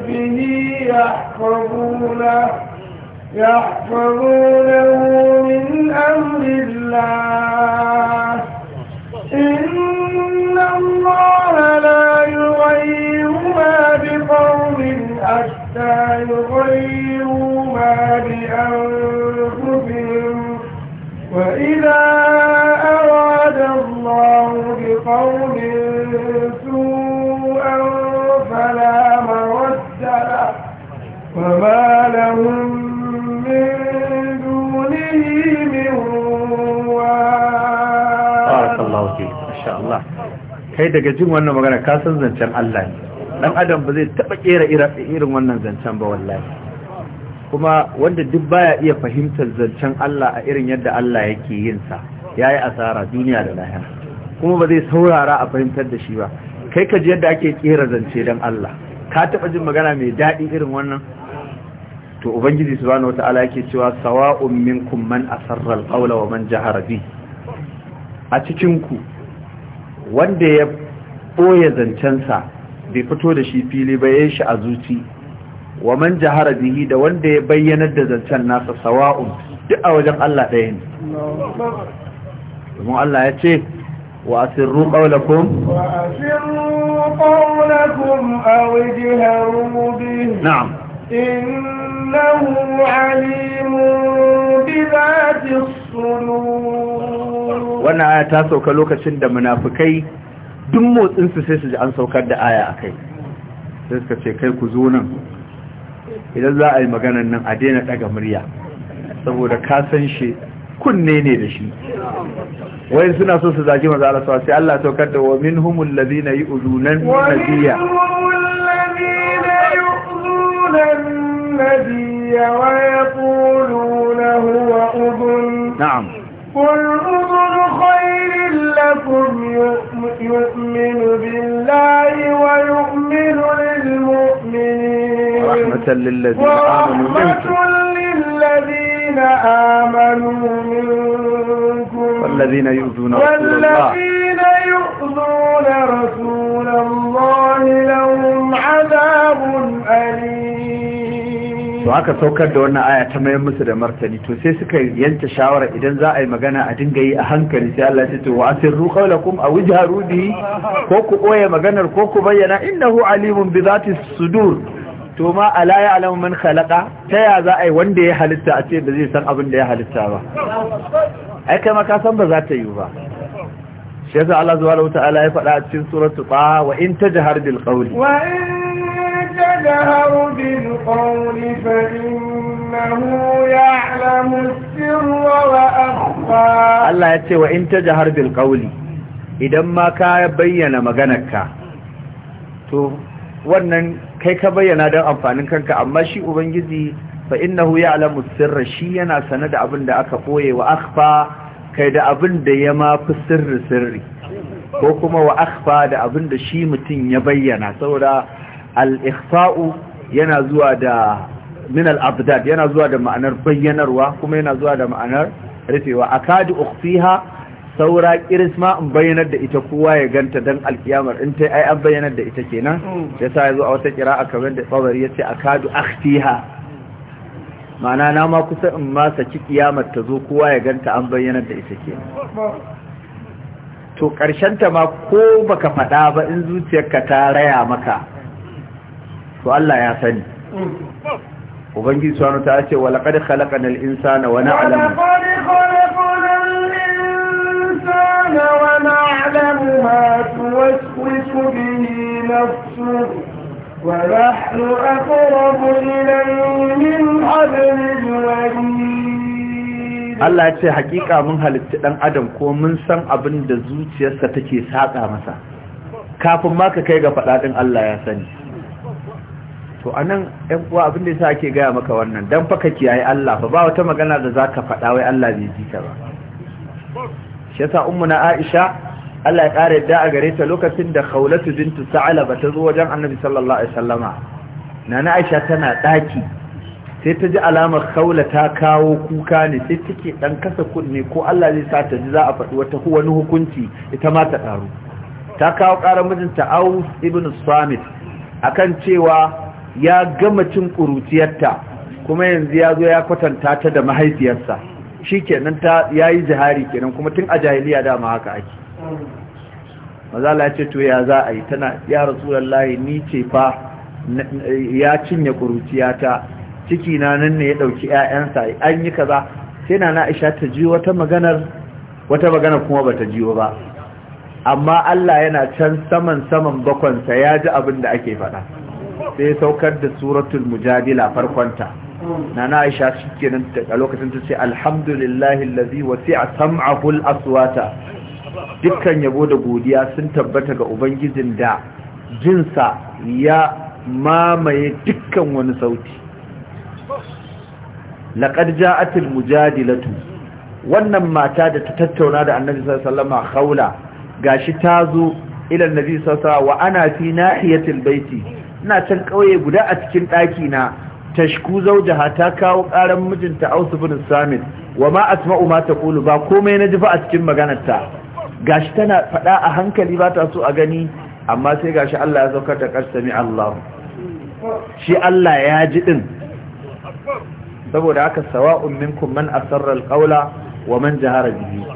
به يحفظونه يحفظونه من أمر الله إن الله لا يغير ما بقوم حتى يغيروا ما بأنفسهم وإذا kai daga jin wannan magana ka san zancen Allah ne dan adam ba zai taba kera irin wannan zancen ba wallahi kuma wanda duk baya iya fahimtar zancen Allah a irin yadda Allah yake yin sa yayi asara duniya da lahira kuma ba zai saurara a fahimtar da shi ba kai ka ji yadda ake kera zance dan Allah ka taba jin magana mai daɗi irin wannan to ubangiji subhanahu wataala yake cewa sawa'un minkum man asarra al wa man jahara bi a cikin ku wanda ya ɓoye zancensa bai fito da shi fili ba ya shi a zuci wa man jahara bihi da wanda ya bayyanar da zancen nasa sawa'un duk a wajen Allah ɗaya ne domin Allah ya ce wa asirru qawlakum wa asirru qawlakum aw ijharu bihi na'am innahu alimun bi dhati as-sudur wannan aya ta sauka lokacin da munafukai duk motsinsu sai su ji an saukar da aya a kai sai suka ce kai ku zo nan idan za a yi maganan nan a daina ɗaga murya saboda ka san shi kunne ne da shi wai suna so su zagi maza Allah sai Allah saukar da wa minhumul ladina yu'zunan nabiyya ويقولون هو أذن نعم قل يكن يؤمن بالله ويؤمن للمؤمنين ورحمة للذين آمنوا منكم والذين يؤذون رسول الله يؤذون رسول الله لهم عذاب أليم to aka saukar da wannan aya ta mayan musu da martani to sai suka yanta shawara idan za a yi magana a dinga yi a hankali sai Allah ya ce wa asirru qawlakum aw jaharu bi ko ku boye maganar ko ku bayyana innahu alimun bi zati sudur to ma ala alamu man khalaqa ta ya za a yi wanda ya halitta a ce da zai san abin da ya halitta ba ai kai ma ka san ba za ta yi ba shi yasa Allah subhanahu wa ta'ala ya faɗa a cikin suratul ɓawa wa in tajhar bil qawli تجهر بالقول فإنه يعلم السر وأخفى الله يتي وإن تجهر بالقول إذا ما كا يبين مغنكا تو wannan kai ka bayyana don amfanin kanka amma shi ubangiji fa innahu ya'lamu sirra shi yana sane da abin da aka koye wa akhfa kai da abin da ya ma fi sirri sirri ko kuma wa akhfa da abin da shi mutum ya bayyana saboda al-ikhfa'u yana zuwa da min al-abdad yana zuwa da ma'anar bayyanarwa kuma yana zuwa da ma'anar rufewa akadu ukhfiha saura kirisma in bayyanar da ita kowa ya ganta dan alkiyamar in ta yi an bayyanar da ita kenan yasa yazo a wata qira'a kamar da tsawari yace akadu akhtiha ma'ana na ma kusa in ma saki kiyamar ta zo kowa ya ganta an bayyanar da ita kenan to karshen ta ma ko baka faɗa ba in zuciyarka ta raya maka to Allah ya sani ubangiji suwanu ta ce wa laƙari halakan al’insana wa na’alamu Allah ce haƙiƙa mun halitta ɗan adam ko mun san abin da zuciyarsa take saƙa masa kafin ma ka kai ga faɗaɗin Allah ya sani to anan ɗan uwa abin da sa ake gaya maka wannan don faka ka kiyaye Allah ba wata magana da za ka faɗa wai Allah zai ji ta ba shi yasa na Aisha Allah ya ƙara yadda a gare ta lokacin da Khawlatu bintu ba ta zo wajen Annabi sallallahu alaihi wasallama nana Aisha tana daki sai ta ji alamar Khawla ta kawo kuka ne sai take dan kasa kunne ko Allah zai sa ta ji za a faɗi wata wani hukunci ita ma ta ƙaru ta kawo karar mijinta Aus ibn Samit akan cewa ya gama cin ƙuruciyarta kuma yanzu ya zo ya kwatanta ta da mahaifiyarsa shi kenan ta ya yi jihari kenan kuma tun a jahiliya dama haka ake mazala ce to ya za a yi tana ya rasu lallahi ni ce fa ya cinye ƙuruciyata ciki na nan ne ya ɗauki 'ya'yansa an yi kaza sai na na isha ta ji wata maganar wata magana kuma bata jiwo ba amma Allah yana can saman saman bakwansa ya ji abin da ake faɗa sai ya saukar da suratul mujadila farkonta na aisha nan a lokacin ta ce alhamdulillahi allazi wasi'a a sam'ahul aswata dukkan yabo da godiya sun tabbata ga ubangijin da jinsa ya mamaye dukkan wani sauti laqad ja'at mujadilatu wannan mata da ta tattauna da annabi sallallahu alaihi wasallam ga gashi tazo ila annabi sallallahu alaihi wa ana fi nahiyatil baiti ina can ƙauye guda a cikin ɗaki na tashku zaujaha ta kawo ƙaran mijinta ausu bin samin wa ma asma'u ma taqulu ba komai na jifa a cikin maganarta gashi tana faɗa a hankali ba ta so a gani amma sai gashi Allah ya sauka da ƙarsami Allah shi Allah ya ji din saboda haka sawa'un minkum man asarra alqawla wa man jahara bihi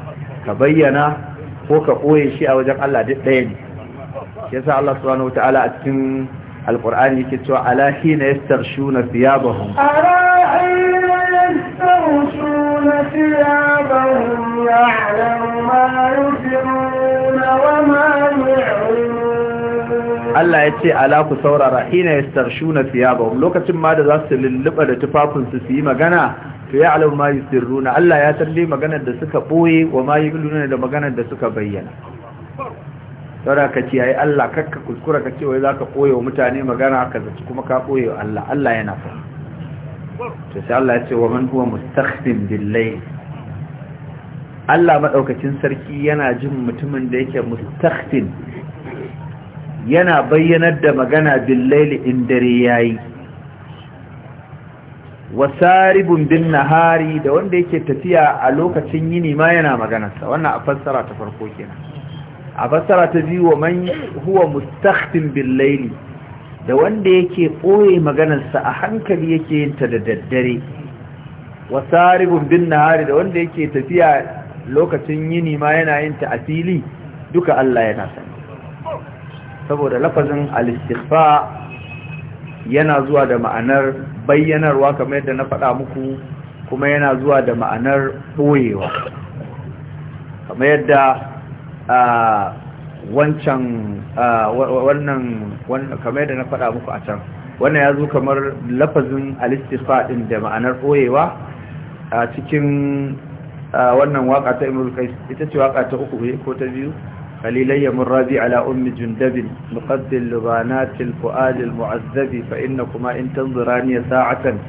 ka bayyana ko ka koye shi a wajen Allah duk ɗaya ne yasa Allah subhanahu wataala a cikin alqur'ani yake cewa ala hina yastarshuna thiyabahum ala hina yastarshuna thiyabahum ya'lamu ma yusirruna wa ma Allah ya ce ala ku saurara hina yastarshuna thiyabahum lokacin ma da za su lulluba da tufafinsu su yi magana to ya alamu ma yusirruna Allah ya dai maganar da suka ɓoye, wa ma da maganar da suka bayyana saboda ka ce yayi Allah kakka kuskura ka ce wai zaka koye wa mutane magana ka zaci kuma ka koye wa Allah Allah yana fa to sai Allah ya ce wa man huwa mustakhdim bil Allah madaukakin sarki yana jin mutumin da yake mustakhdim yana bayyanar da magana bil layl in dare yayi wasaribun bin nahari da wanda yake tafiya a lokacin yini ma yana magana sa wannan a fassara ta farko kenan a fassara ta biyu wa man huwa mustakhfin bil layli da wanda yake boye maganarsa a hankali yake yin ta da daddare wa saribun bin nahari da wanda yake tafiya lokacin yini ma yana yin ta a fili duka Allah yana sani saboda lafazin al-istighfa yana zuwa da ma'anar bayyanarwa kamar yadda na faɗa muku kuma yana zuwa da ma'anar boyewa kamar yadda a wancan wannan kamar da na faɗa muku a can wannan ya zo kamar lafazin alistifa ɗin da ma'anar ɓoyewa a cikin wannan waka ta imar ita ce waka ta uku ko ta biyu kalilai ya rabi ala ummi jundabin muqaddil lubanatil fu'alil mu'azzabi fa inna kuma in tanzurani sa'atan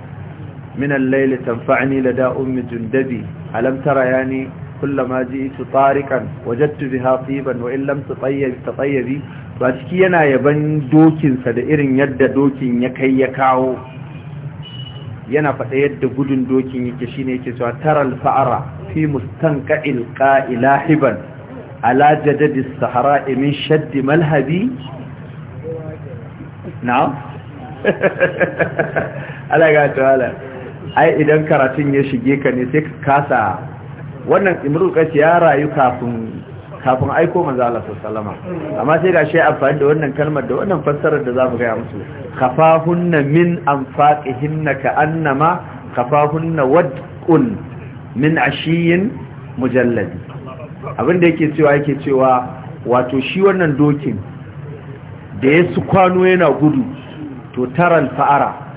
من الليل تنفعني لدى أم جندبي ألم ترياني كلما جئت طارقا وجدت بها طيبا وإن لم تطيب تطيبي فأشكي أنا يبن دوكين سدئر يد دوكين يكي يكاو yana faɗa yadda gudun dokin yake shine yake cewa taral fa'ara fi mustanqa'il qa'ilahiban ala jadadis sahara'i min shadd malhabi na'am ala ga ai idan karatun ya shige ka ne sai ka kasa wannan imrul qais ya rayu kafin kafin aiko manzo Allah sallama amma sai ga shi amfani da wannan kalmar da wannan fassarar da zamu ga musu khafahunna min anfaqihinna ka'annama khafahunna wad'un min ashiyin mujalladi abinda yake cewa yake cewa wato shi wannan dokin da ya su kwano yana gudu to taral fa'ara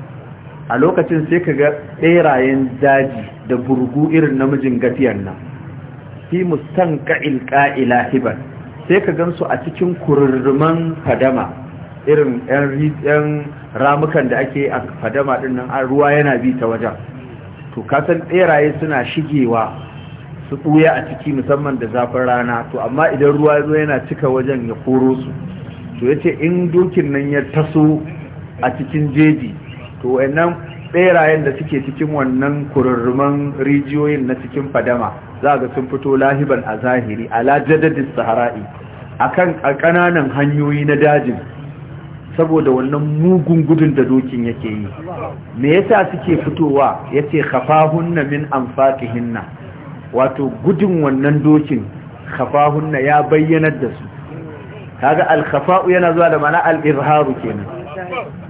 a lokacin sai ka ga ɗerayen daji da burgu irin namijin gafiyan nan fi mustan ka'il ka'ila hibar sai ka gansu a cikin kururruman fadama irin yan ramukan da ake a fadama ɗinnan nan ruwa yana bi ta wajen to kasan ɗeraye suna shigewa su ɓuya a ciki musamman da zafin rana to amma idan ruwa zo yana cika wajen ya koro su to ya ce in dokin nan ya taso a cikin jeji to wannan berayen da suke cikin wannan kururruman rijiyoyin na cikin fadama za ga sun fito lahiban a zahiri ala jadadis sahara'i akan kananan hanyoyi na dajin saboda wannan mugun gudun da dokin yake yi me yasa suke fitowa yace khafahunna min anfaqihinna wato gudun wannan dokin khafahunna ya bayyanar da su kaga al-khafa'u yana zuwa da ma'ana al-izharu kenan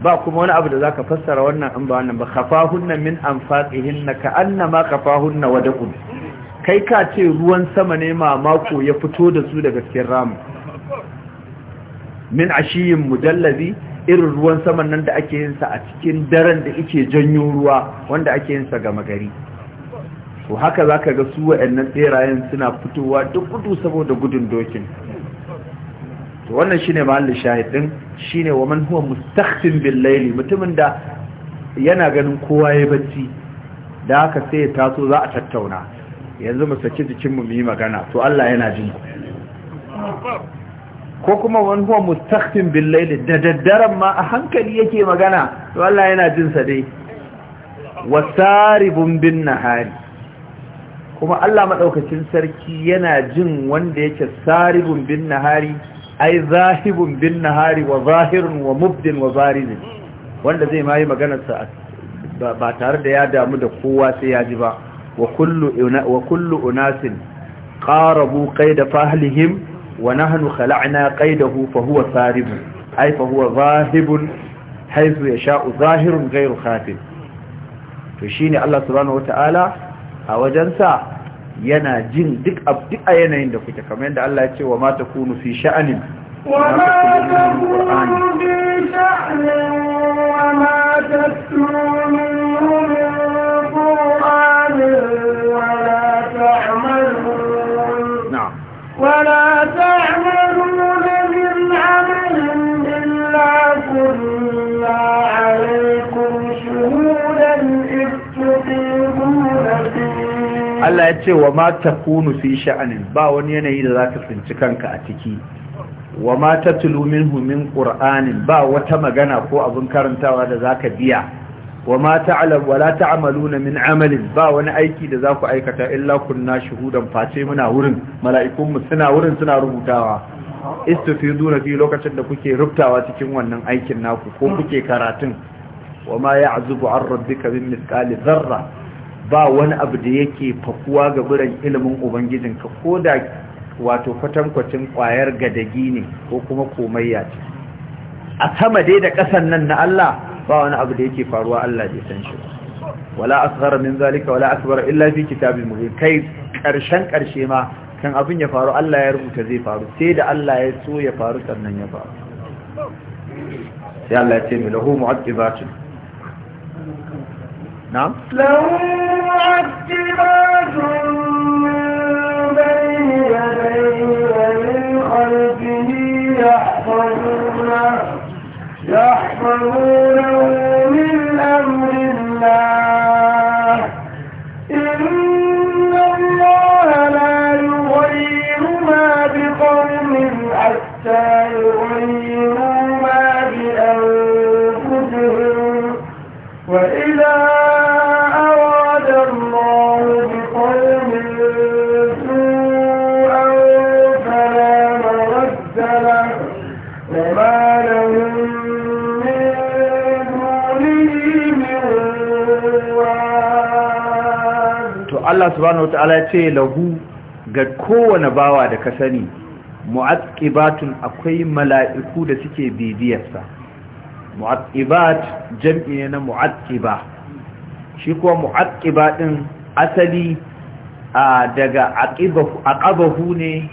ba kuma wani abu da za ka fassara wannan in ba wannan ba na, min anfasihinna ka'annama wada wada'un kai ka ce ruwan sama ne ma Mako ya fito da su daga cikin ramu min ashiyin mujallabi irin ruwan saman nan da ake yinsa a cikin daren da ike janyo ruwa wanda ake yinsa gama gari to haka za ka ga su waɗannan tserayen suna fitowa duk gudu saboda gudun dokin to wannan shine mahallin shahid din shine wa man huwa mustakhfin bil layli mutumin da yana ganin kowa ya bacci da haka sai ya taso za a tattauna yanzu mu saki jikin mu yi magana to Allah yana jin ku. ko kuma man huwa mustakhfin bil layli da daddaran ma a hankali yake magana to Allah yana jin sa dai wasaribun bin nahari kuma Allah maɗaukacin sarki yana jin wanda yake saribun bin nahari ai zahibun bin nahari wa zahirun wa mubdin wa barizin wanda zai ma yi maganarsa ba tare da ya damu da kowa sai ya ji ba wa kullu unasin qarabu da fahlihim wa nahnu khala'na qaidahu fa huwa saribun ai fa huwa zahibun ya yasha'u zahirun gairu khafin to ne Allah subhanahu a a wajensa yana jin duk a yanayin da kuke kamar yadda Allah ya ce wa mata kunu fi sha'anin وما تكون في شأن وما تتلو منه Allah ya ce wa ma takunu fi sha'anin ba wani yanayi da zaka tsinci kanka a ciki wa ma tatlu minhu min qur'anin ba wata magana ko abin karantawa da ka biya wa ma ta'lam wa la ta'maluna min amalin ba wani aiki da zaku aikata illa kunna shuhudan face muna wurin mala'ikunmu suna wurin suna rubutawa istufiduna fi lokacin da kuke rubtawa cikin wannan aikin naku ko kuke karatun wa ma ya'zubu an rabbika min mithqali dharra ba wani abu da yake fafuwa ga biran ilimin ubangijinka ko da wato kwatankwacin kwayar gadagi ne ko kuma komayya ce a sama dai da ƙasan nan na Allah ba wani abu da yake faruwa Allah bai san shi wala asghara min zalika wala akbar illa fi kitabin mubin kai karshen karshe ma kan abin ya faru Allah ya rubuta zai faru sai da Allah ya so ya faru sannan ya faru sai Allah ya ce mu lahu mu'aqibatun نعم له معجبات من بين يديه ومن خلفه يحفظونه يحفظونه من أمر الله إن الله لا يغير ما بقوم حتى يغيروا ما بأنفسهم وإذا Allah subhanahu wataala ya ce lahu ga kowane bawa da ka sani mu'aqibatun akwai mala'iku da suke bibiyarsa mu'aqibat jam'i ne na mu'aqiba shi kuwa mu'aqiba din asali a daga aqabahu ne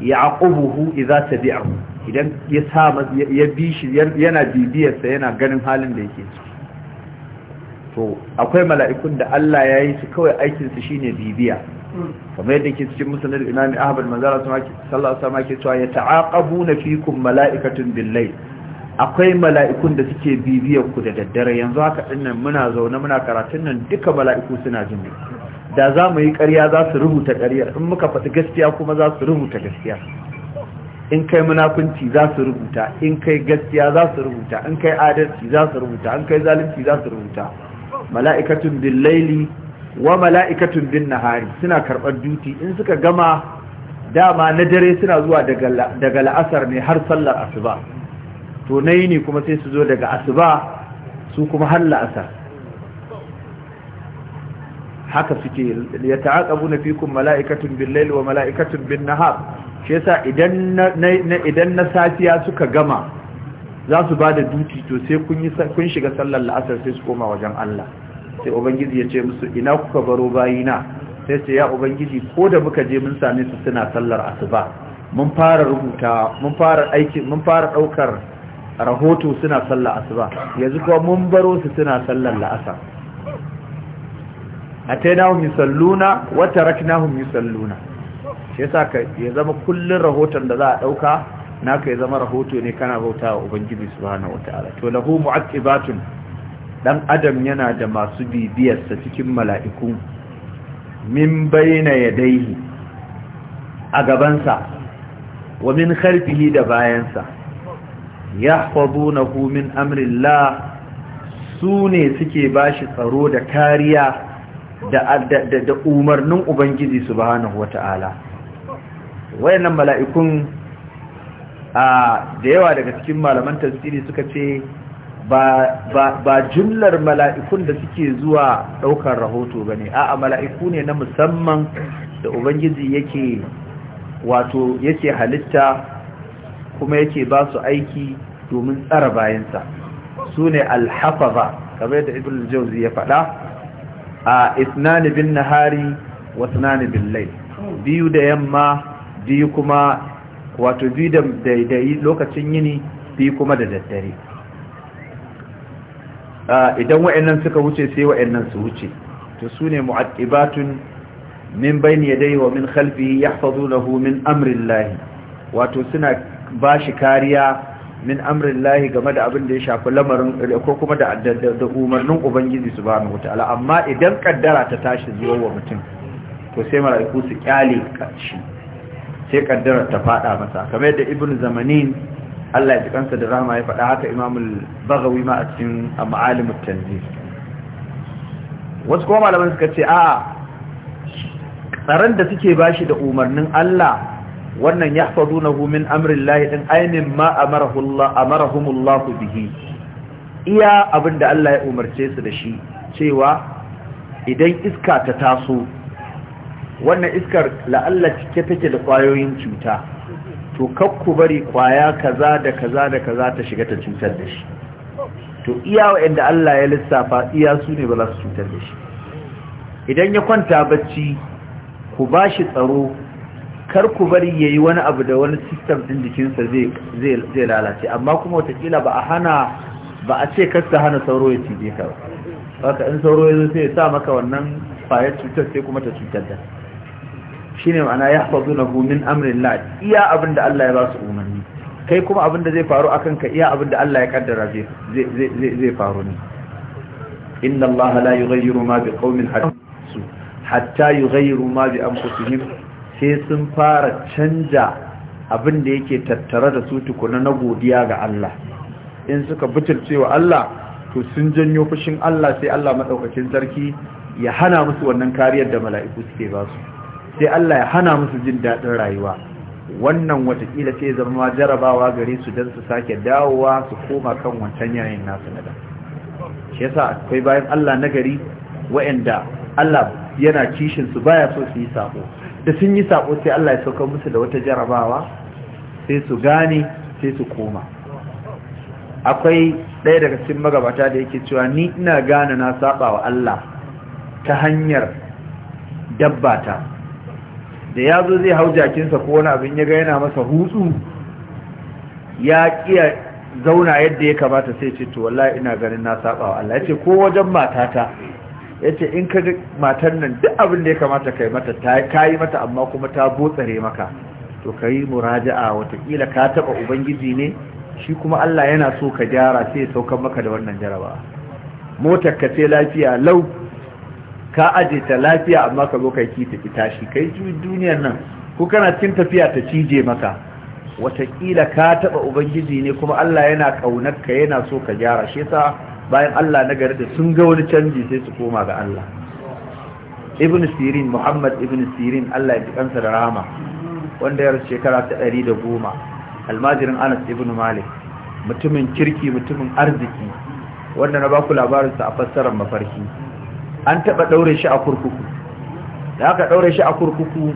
ya'qubuhu idza tabi'ahu idan ya sa ya bi shi yana bibiyarsa yana ganin halin da yake ciki to akwai mala'ikun da Allah ya yi su kawai aikinsu shi ne bibiya kamar yadda ke cikin musulun imami ahmad manzara sallallahu ke cewa ya ta'aqabu na fikun mala'ikatun billai akwai mala'ikun da suke bibiyar ku da daddare yanzu haka ɗinnan muna zaune muna karatun nan duka mala'iku suna jin da za mu yi ƙarya za su rubuta ƙaryar in muka faɗi gaskiya kuma za su rubuta gaskiya in kai munafunci za su rubuta in kai gaskiya za su rubuta in kai adalci za su rubuta in kai zalunci za su rubuta mala'ikatun bin laili wa mala'ikatun bin nahari suna karɓar duti in suka gama dama na dare suna zuwa daga la'asar ne har sallar asuba to na yi ne kuma sai su zo daga asuba su kuma har la'asar haka suke ya ta'aƙabu na fikun mala'ikatun bin laili wa mala'ikatun bin nahar shi yasa idan na safiya suka gama za su ba da duti to sai kun shiga sallar la'asar sai su koma wajen Allah sai ubangiji ya ce musu ina kuka baro bayina sai ce ya ubangiji ko da muka je mun same su suna sallar asuba mun fara rubuta mun fara aiki mun fara daukar rahoto suna sallar asuba yanzu kuma mun baro su suna sallar la'asar atainahum yusalluna wa taraknahum yusalluna shi yasa ka ya zama kullun rahoton da za a dauka naka ya zama rahoto ne kana bautawa ubangiji subhanahu wataala to lahu mu'aqibatun dan adam yana da masu bibiyarsa cikin mala'iku min bayyana yadaihi a gabansa wa min kharfihi da bayansa yahfazunahu min amrillah su ne suke bashi tsaro da kariya da umarnin ubangiji subhanahu wata'ala wayannan mala'ikun a da yawa daga cikin malaman tafsiri suka ce ba jumlar mala'ikun da suke zuwa ɗaukar rahoto ba ne a mala'iku ne na musamman da ubangiji yake wato yake halitta kuma yake ba su aiki domin tsara bayansa su ne alhafaza kamar yadda ibn jauzi ya faɗa a isnani bin nahari wa nani bin lai biyu da yamma biyu kuma wato biyu da lokacin yini biyu kuma da daddare idan wa'annan suka wuce sai wa'annan su wuce to sune mu'aqibatun min bayni yadayhi wa min khalfihi yahfazunahu min amri Allah wato suna ba shi kariya min amrin game da abin da ya shafi lamarin ko kuma da umarnin ubangiji su wataala amma idan kaddara ta tashi zuwa wa mutum to sai mala'iku su kyale shi sai kaddara ta fada masa kamar yadda ibn zamanin Allah ya ji kansa da rahama ya faɗa haka imamul bagawi ma a cikin ma'alimut tanzil wasu kuma malaman suka ce a'a tsaron da suke bashi da umarnin Allah wannan ya yahfazunahu humin amrillahi ɗin ainin ma a Allah bihi iya abinda Allah ya umarce su da shi cewa idan iska ta taso wannan iskar la'alla cike take da kwayoyin cuta to kakku bari kwaya kaza da kaza da kaza ta shiga ta cutar da shi to iya wa'anda Allah ya lissafa iya su ne ba za su cutar da shi idan ya kwanta bacci ku ba shi tsaro kar ku bari ya yi wani abu da wani sistem ɗin jikinsa zai lalace amma kuma watakila ba a hana ba a ce kasta hana sauro ya cije ka ba haka in sauro ya zo sai ya sa maka wannan kwayar cutar sai kuma ta cutar da shine ma'ana yahfazunahu min amrillah iya abinda Allah ya ba su umarni kai kuma abinda zai faru akan ka iya abinda Allah ya kaddara zai zai faru ne inna Allah la yughayyiru ma biqaumin hatta yughayyiru ma bi anfusihim sai sun fara canja abinda yake tattare da su tukuna na godiya ga Allah in suka wa Allah to sun janyo fushin Allah sai Allah madaukakin sarki ya hana musu wannan kariyar da mala'iku suke ba su sai Allah ya hana musu jin daɗin rayuwa wannan watakila sai zama jarabawa gare su don su sake dawowa su koma kan wancan yanayin nasu na da shi yasa akwai bayan Allah nagari wa'anda Allah yana kishin su baya so su yi sako da sun yi sako sai Allah ya sauka musu da wata jarabawa sai su gane sai su koma akwai ɗaya daga cikin magabata da yake cewa ni ina gane na saba wa Allah ta hanyar dabbata da ya zo zai hau jakinsa ko wani abin ya ga yana masa hutsu ya kiya zauna yadda ya kamata sai ce to wallahi ina ganin na saba wa Allah yace ko wajen matata yace in ka ga matar nan duk abin da ya kamata kai mata ta yi mata amma kuma ta botsare maka to kai muraja'a watakila ka taba ubangiji ne shi kuma Allah yana so ka gyara sai ya saukar maka da wannan jaraba motar ka ce lafiya lau ka aje ta lafiya amma ka zo kai ki tafi tashi kai duniyar nan ko kana cin tafiya ta cije maka wataƙila ka taɓa ubangiji ne kuma Allah yana ƙaunar ka yana so ka gyara shi bayan Allah na gari da sun ga wani canji sai su koma ga Allah ibn sirin muhammad ibn sirin Allah ya ji kansa da rahama wanda ya shekara ta ɗari da goma almajirin anas ibn malik mutumin kirki mutumin arziki wanda na ba baku labarinsa a fassarar mafarki an taɓa ɗaure shi a kurkuku da aka ɗaure shi a kurkuku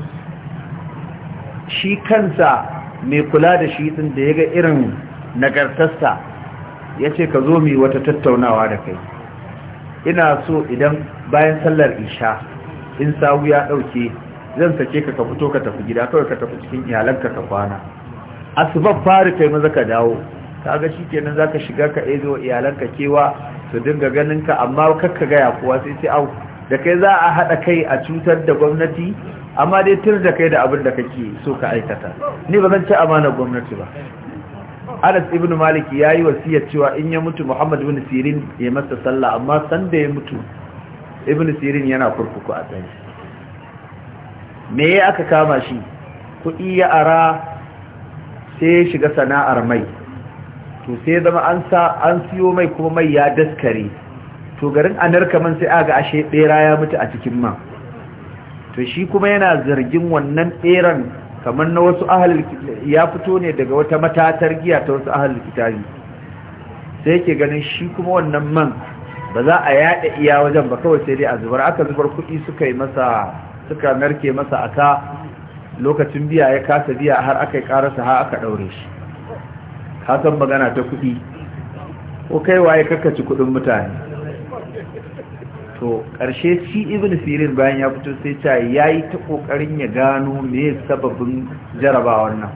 shi kansa mai kula da shi ɗin da ya ga irin nagartarsa ya ce ka zo mai wata tattaunawa da kai ina so idan bayan sallar isha in sawu ya ɗauke zan sake ka ka fito ka tafi gida kawai ka tafi cikin iyalanka ka kwana Asibar fari kai maza ka dawo kaga shikenan zaka shiga ka ezo iyalanka kewa su dinga ganin ka amma kakka gaya kuwa sai ce au da kai za a haɗa kai a cutar da gwamnati amma dai tun da kai da abin da kake so ka aikata ni ba zan ci amana gwamnati ba Anas ibn Malik yayi wasiya cewa in ya mutu Muhammad ibn Sirin ya masa sallah amma san da ya mutu ibn Sirin yana kurkuku a tsaye me aka kama shi kuɗi ya ara sai shiga sana'ar mai to sai zama an sa an siyo mai kuma mai ya daskare to garin anarka man sai aga ashe bera ya mutu a cikin man to shi kuma yana zargin wannan beran kamar na wasu ahalul ya fito ne daga wata matatar giya ta wasu ahalul kitabi sai yake ganin shi kuma wannan man ba za a yada iya wajen ba kawai sai dai a zubar aka zubar kuɗi suka yi masa suka narke masa aka lokacin biya ya kasa biya har aka yi karasa har aka ɗaure shi hasan magana ta kuɗi ko kai waye kakkaci kuɗin mutane to ƙarshe shi ibn sirin bayan ya fito sai ta yayi ta ƙoƙarin ya gano me sababin jarabawar nan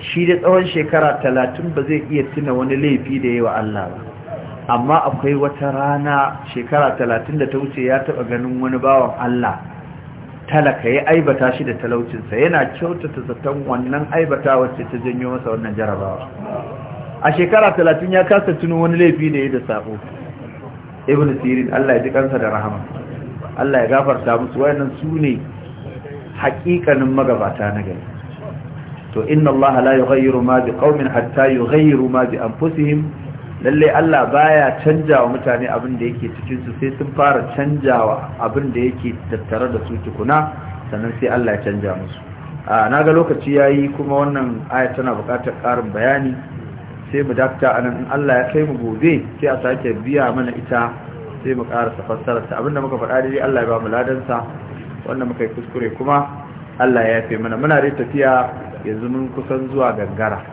shi da tsawon shekara talatin ba zai iya tuna wani laifi da yawa Allah ba amma akwai wata rana shekara talatin da ta wuce ya taba ganin wani bawan Allah talaka ya aibata shi da talaucinsa yana kyautata zaton wannan aibata wacce ta janyo masa wannan jarabawa a shekara talatin ya kasa tuno wani laifi da ya da sabo ibn sirin Allah ya ji kansa da rahama Allah ya gafarta musu wayannan su ne haƙiƙanin magabata na gari to inna Allah la yughayyiru ma bi qaumin hatta yughayyiru ma bi anfusihim lallai Allah baya canjawa mutane abin da yake cikin su sai sun fara canjawa abin da yake tattare da su tukuna sannan sai Allah ya canja musu a naga lokaci yayi kuma wannan aya tana bukatar ƙarin bayani sai mu dakta anan in Allah ya kai mu gobe sai a sake biya mana ita sai mu ƙara fassara ta abinda muka faɗa dai Allah ya ba mu ladan sa wannan muka yi kuskure kuma Allah ya yafe mana muna da tafiya yanzu mun kusan zuwa gangara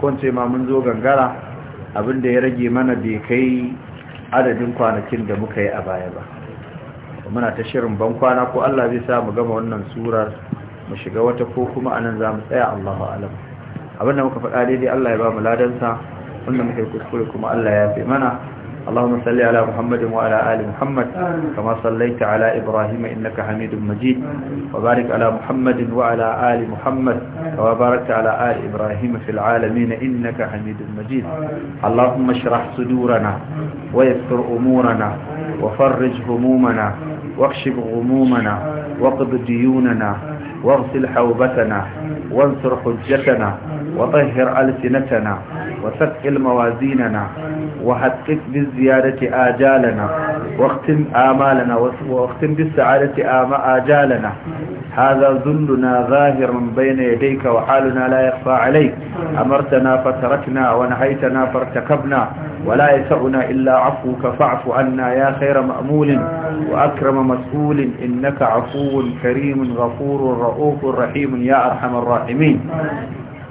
ko ce ma mun zo gangara abin da ya rage mana bai kai adadin kwanakin da muka yi a baya ba muna ta shirin ban kwana ko Allah zai sa mu gama wannan surar mu shiga wata ko kuma anan za mu tsaya Allahu alam abin da muka faɗa daidai Allah ya ba mu ladansa wanda muka yi kuskure kuma Allah ya fi mana اللهم صل على محمد وعلى آل محمد كما صليت على إبراهيم إنك حميد مجيد وبارك على محمد وعلى آل محمد كما باركت على آل إبراهيم في العالمين إنك حميد مجيد اللهم اشرح صدورنا ويسر أمورنا وفرج همومنا واكشف غمومنا واقض ديوننا واغسل حوبتنا وانصر حجتنا وطهر ألسنتنا وثقل موازيننا وحقق بالزيادة آجالنا واختم آمالنا واختم بالسعادة آجالنا هذا ذلنا ظاهر بين يديك وحالنا لا يخفى عليك أمرتنا فتركنا ونهيتنا فارتكبنا ولا يسعنا إلا عفوك فاعف عنا يا خير مأمول وأكرم مسؤول إنك عفو كريم غفور رؤوف رحيم يا أرحم الراحمين